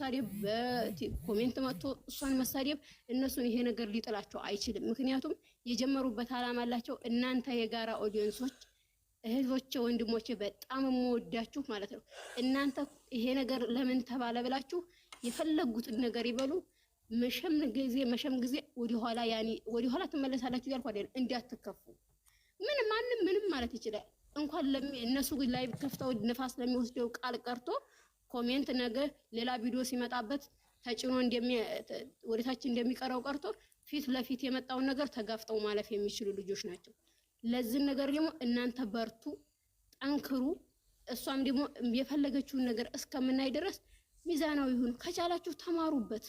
መሳደብ በኮሜንት መጥቶ እሷን መሳደብ እነሱን ይሄ ነገር ሊጥላቸው አይችልም። ምክንያቱም የጀመሩበት አላማ አላቸው። እናንተ የጋራ ኦዲየንሶች እህቶቼ፣ ወንድሞቼ በጣም የምወዳችሁ ማለት ነው። እናንተ ይሄ ነገር ለምን ተባለ ብላችሁ የፈለጉትን ነገር ይበሉ። መሸም ጊዜ መሸም ጊዜ ወደኋላ ያኔ ወደኋላ ትመለሳላችሁ እያልኩ አይደለም። እንዳትከፉ። ምን ማንም ምንም ማለት ይችላል። እንኳን እነሱ ላይ ከፍተው ንፋስ ለሚወስደው ቃል ቀርቶ ኮሜንት ነገ ሌላ ቪዲዮ ሲመጣበት ተጭኖ ወደታች እንደሚቀረው ቀርቶ ፊት ለፊት የመጣውን ነገር ተጋፍጠው ማለፍ የሚችሉ ልጆች ናቸው። ለዚህ ነገር ደግሞ እናንተ በርቱ፣ ጠንክሩ። እሷም ደግሞ የፈለገችውን ነገር እስከምናይ ድረስ ሚዛናዊ ይሁኑ። ከቻላችሁ ተማሩበት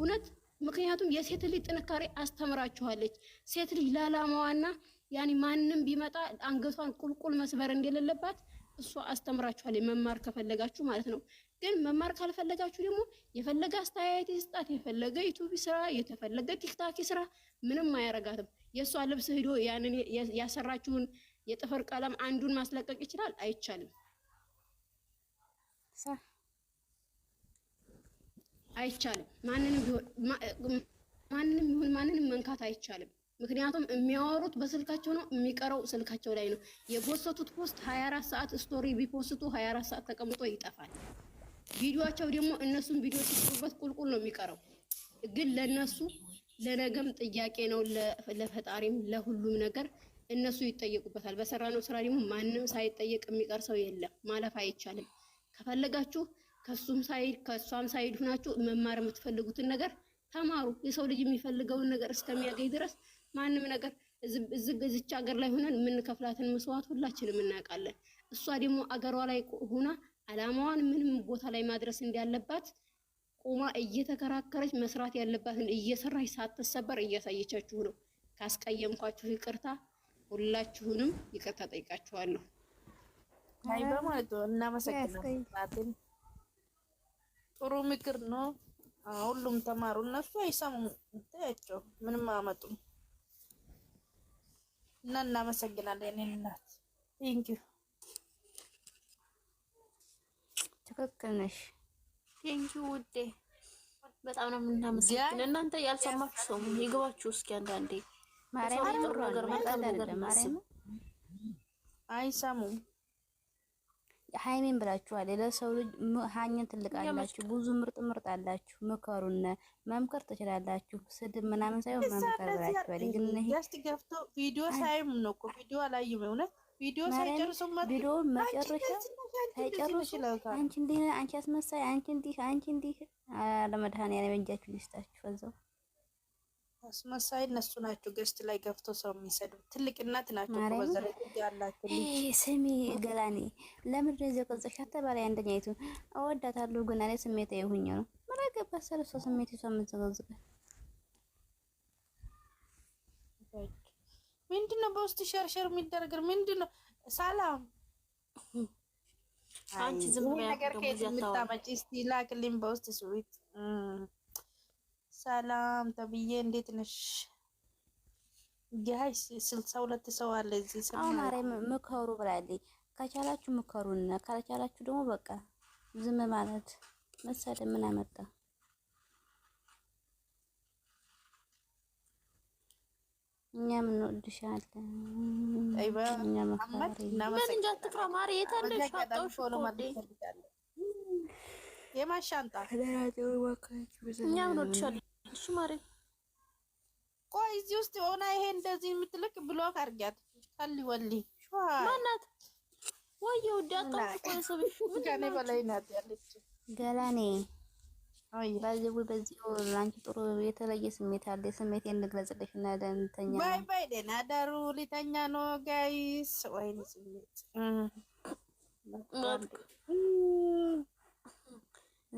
እውነት። ምክንያቱም የሴት ልጅ ጥንካሬ አስተምራችኋለች። ሴት ልጅ ለዓላማዋና ያኔ ማንም ቢመጣ አንገቷን ቁልቁል መስበር እንደሌለባት እሷ አስተምራችኋል መማር ከፈለጋችሁ ማለት ነው። ግን መማር ካልፈለጋችሁ ደግሞ የፈለገ አስተያየት ይስጣት፣ የፈለገ ዩቱብ ስራ፣ የተፈለገ ቲክታክ ስራ፣ ምንም አያረጋትም። የእሷ ልብስ ሂዶ ያንን ያሰራችሁን የጥፍር ቀለም አንዱን ማስለቀቅ ይችላል? አይቻልም፣ አይቻልም። ማንንም ቢሆን ማንንም መንካት አይቻልም። ምክንያቱም የሚያወሩት በስልካቸው ነው፣ የሚቀረው ስልካቸው ላይ ነው። የፖስቱት ፖስት 24 ሰዓት ስቶሪ ቢፖስቱ 24 ሰዓት ተቀምጦ ይጠፋል። ቪዲዮቸው ደግሞ እነሱን ቪዲዮ ሲሰሩበት ቁልቁል ነው የሚቀረው። ግን ለነሱ ለነገም ጥያቄ ነው፣ ለፈጣሪም ለሁሉም ነገር እነሱ ይጠየቁበታል። ነው ስራ ደግሞ ማንም ሳይጠየቅ የሚቀር ሰው የለም፣ ማለፍ አይቻልም። ከፈለጋችሁ ከሱም ሳይድ ከእሷም ሳይድ ሁናችሁ መማር የምትፈልጉትን ነገር ተማሩ። የሰው ልጅ የሚፈልገውን ነገር እስከሚያገኝ ድረስ ማንም ነገር እዚች ሀገር ላይ ሆነን የምንከፍላትን መስዋዕት ሁላችንም እናውቃለን። እሷ ደግሞ አገሯ ላይ ሆና አላማዋን ምንም ቦታ ላይ ማድረስ እንዳለባት ቁማ እየተከራከረች መስራት ያለባትን እየሰራች ሳትሰበር እያሳየቻችሁ ነው። ካስቀየምኳችሁ ይቅርታ፣ ሁላችሁንም ይቅርታ ጠይቃችኋለሁ። አይ በማለት እናመሰግናለን። ጥሩ ምክር ነው። ሁሉም ተማሩ። እነሱ አይሰሙም፣ ታያቸው ምንም አመጡም። እና እናመሰግናለን። እናት እናት ቴንኪዩ። ትክክል ነሽ። ዩ ትክክል ነሽ ዩ ውዴ በጣም ነው የምናመሰግን። እናንተ ያልሰማችሁ ሰው ይግባችሁ እስኪ አንዳንዴ ማርያም ጥሩ ነገር ማርያም አይሰሙም ሀይሜን ብላችኋል። ለሰው ልጅ ሀኝን ትልቅ አላችሁ፣ ብዙ ምርጥ ምርጥ አላችሁ። ምከሩነ መምከር ትችላላችሁ። ስድብ ምናምን ሳይሆን መምከር ብላችኋል። ግን ይሄ ገብቶ ቪዲዮ ሳይም ነው እኮ ቪዲዮ አላየሁም። እውነት ቪዲዮ ሳይጨርሱ ቪዲዮ መጨረሻ ሳይጨርሱ አንቺ እንዲህ፣ አንቺ አስመሳይ፣ አንቺ እንዲህ፣ አንቺ እንዲህ። ለመድኃኒዓለም እጃችሁ ሊስጣችሁ እዛው አስመሳይ እነሱ ናቸው። ገስት ላይ ገብቶ ሰው የሚሰዱ ትልቅነት ናቸው። በዘረጃ ስሚ ገላኔ ለምድ ዚ ቅጽሻ ተባላይ አንደኛ ይቱ እወዳታለሁ፣ ግን እኔ ስሜት የሁኝ ነው ምናገባ ሰለሶ ስሜት ይሷ የምንዘገዝበ ምንድነው? በውስጥ ሸርሸር የሚደረገር ምንድነው? ሰላም አንቺ ዝም ነገር ከየት የምታመጪ? እስቲ ላክልኝ በውስጥ ስዊት ሰላም ተብዬ እንዴት ነሽ? ጋይስ ስልሳ ሁለት ሰው አለ እዚህ ሰማሪ ምከሩ ብላለች። ከቻላችሁ ምከሩና ካልቻላችሁ ደግሞ በቃ ዝም ማለት መሰለ ምን አመጣ? እኛ ምን እንወድሻለን። እኛ ማሪ ምን እንጃ ትፍራ ማሪ የታለሽ? የማሻንጣ እኛም እንወድሻለን። እሺ ማሬ፣ ቆይ እዚህ ውስጥ ሆና ይሄ እንደዚህ የምትልክ ብሎክ አድርጊያት። አሊ ወሊ ማናት? ወይ ወየ ውድ በላይ ናት ያለች ገላኔ። በዚህ ወይ በዚህ ላንቺ ጥሩ የተለየ ስሜት አለ። ስሜት እንግለጽልሽ እና ለእንተኛ ባይ ባይ። ደህና አደሩ። ሊተኛ ነው ጋይስ። ወይኔ ስሜት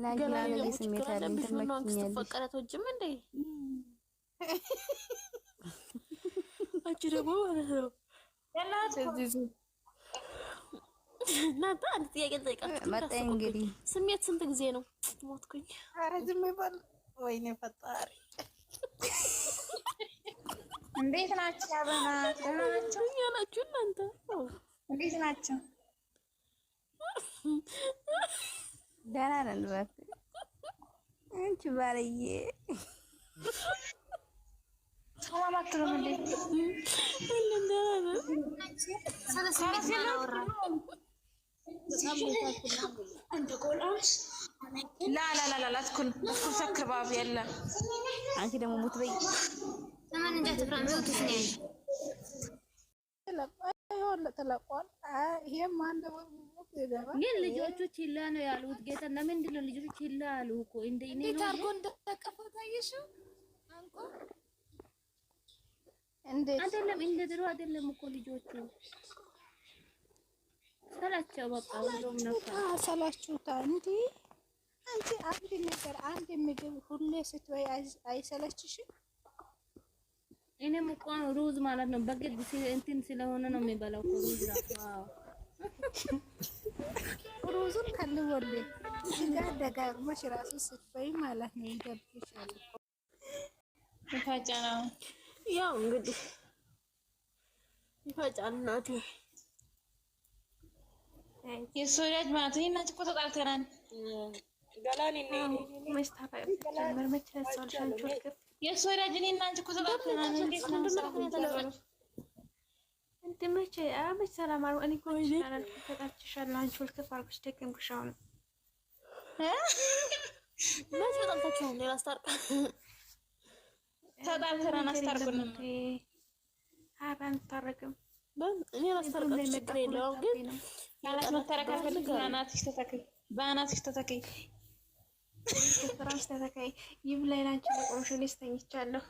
ላይ ያለ ስሜት አለኝ። ትመኪኛለሽ እንዴ? አንቺ ደግሞ ማለት ነው እናንተ አንድ ጥያቄ ጠይቃችሁ እንግዲህ ስሜት ስንት ጊዜ ነው? ሞትኩኝ። ኧረ ዝም ይበል። ወይኔ ፈጣሪ እንዴት ናቸው? ያበናት ደህና ናችሁ እናንተ? እንዴት ናቸው? ደህና ነን እባክህ። አንቺ ባልዬ አንቺ ደግሞ ሙት በይ ተለቋል። ይሄም አንድ ግን ልጆቹ ችላ ነው ያሉት። ጌታ ለምንድን ነው ልጆቹ ችላ አሉ እኮ እንደ እኔ ነው አርጎ እንደተቀፈ ታይሽ አንቆ እንዴ አይደለም፣ እንደ ድሮ አይደለም እኮ ልጆቹ ሰላቸው። በቃ ወዶም ነበር ሰላችሁታ። እንዴ አንቺ አንድ ነገር አንድ ምግብ ሁሌ ስትበይ አይሰለችሽም? እኔም እኮ ሩዝ ማለት ነው በግድ እንትን ስለሆነ ነው የሚበላው ሩዝ ራሱ። ሩዙን ከልወል ስጋ ደጋግመሽ ራሱ ስትበይ ማለት ነው ይገብሻል። ይፈጫና ያው እንግዲህ ይፈጫል። እናቴ የእሱ ማለት ነው እናት እኮ ተጣልተናል። ገላኔ ነው መስታፋ ጀመር መቻል ሰልሻን የእሱ ወዳጅ እኔ እና አንቺ እኮ ተጣልተናል። እንዴት ነው እንደመቼ አመች ሰላም አሉ እኔ ኮ ይችላል ተጣልተሻል። አንቺ ወልከፍ አልኩሽ ደገምኩሽ። አሁን መቼ ተጣልታችኋል? ሌላ አስታርቅ ተጣልተናል። አስታርቁን። ኧረ አንታረቅም። እኔ ላስታርቃችሁ ችግር የለውም ግን በአናትሽ ተተከኝ፣ ፍራንስ ተተካይ ይብላኝ ላንቺ ቆምሽን ስተኝቻለሁ።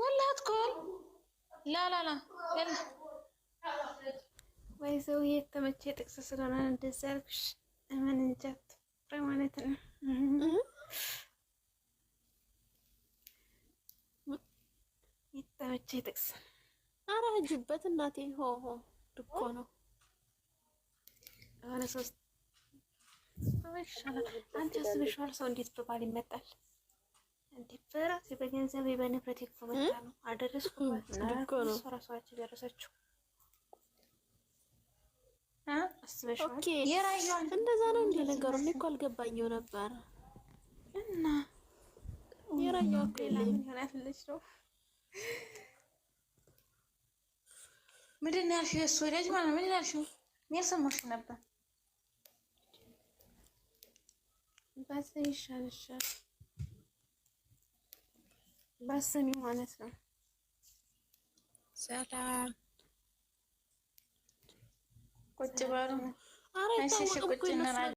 ወላት ኮል ላላላ ወይ ሰው የተመቼ ጥቅስ ስለሆነ እንደዛ ያልኩሽ እመን እንጃት ፍሬ ማለት ነው። የተመቼ ጥቅስ አራጅበት እናቴ ሆሆ ድኮ ነው የሆነ ሶስት አንቺ አስበሽዋል? ሰው እንዴት በባል ይመጣል? እንዴት በራሴ በገንዘብ በንብረት እኮ መጣ ነው አደረስኩበት። እሷ ደረሰችው። እንደዛ ነው እንደ ነገሩ። እኮ አልገባኝም ነበረ እና የራያ እኮ የለም ይሆናለች ነው ምንድን ነው የእሱ ልጅ ማለት ምንድን ነው ያልሽው? ነበር ባሰኝ ይሻልሻል። ባሰኝ ማለት ነው። ሰላም ቁጭ በሉ። እሺ ቁጭ እንላለን።